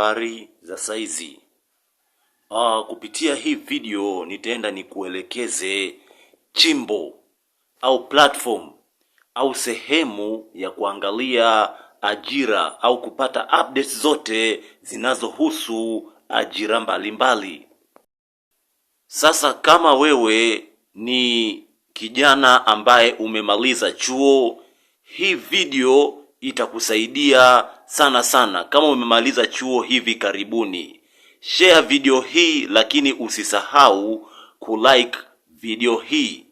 habari za saizi. Ah, kupitia hii video nitaenda nikuelekeze chimbo au platform au sehemu ya kuangalia ajira au kupata updates zote zinazohusu ajira mbalimbali mbali. Sasa kama wewe ni kijana ambaye umemaliza chuo, hii video itakusaidia sana sana kama umemaliza chuo hivi karibuni. Share video hii, lakini usisahau kulike video hii.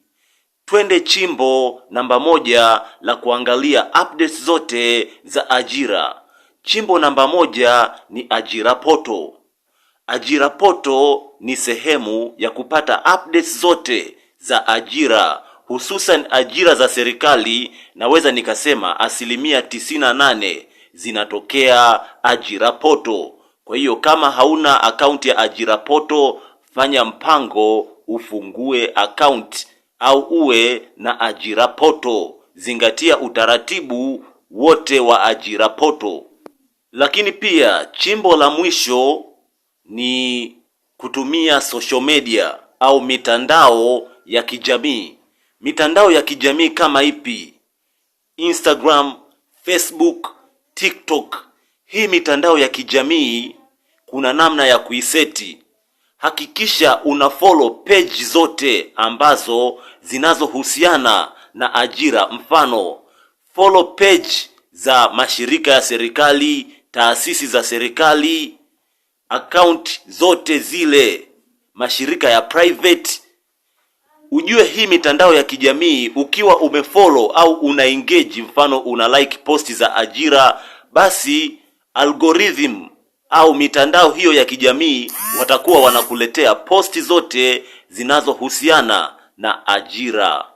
Twende chimbo namba moja la kuangalia updates zote za ajira. Chimbo namba moja ni ajira poto. Ajira poto ni sehemu ya kupata updates zote za ajira hususan ajira za serikali, naweza nikasema asilimia tisini na nane zinatokea ajira poto. Kwa hiyo kama hauna akaunti ya ajira poto, fanya mpango ufungue akaunti au uwe na ajira poto. Zingatia utaratibu wote wa ajira poto. Lakini pia chimbo la mwisho ni kutumia social media au mitandao ya kijamii mitandao ya kijamii kama ipi? Instagram, Facebook, TikTok. Hii mitandao ya kijamii kuna namna ya kuiseti. Hakikisha una follow page zote ambazo zinazohusiana na ajira, mfano follow page za mashirika ya serikali, taasisi za serikali, account zote zile, mashirika ya private ujue hii mitandao ya kijamii ukiwa umefollow au una engage, mfano una like posti za ajira, basi algorithm au mitandao hiyo ya kijamii watakuwa wanakuletea posti zote zinazohusiana na ajira.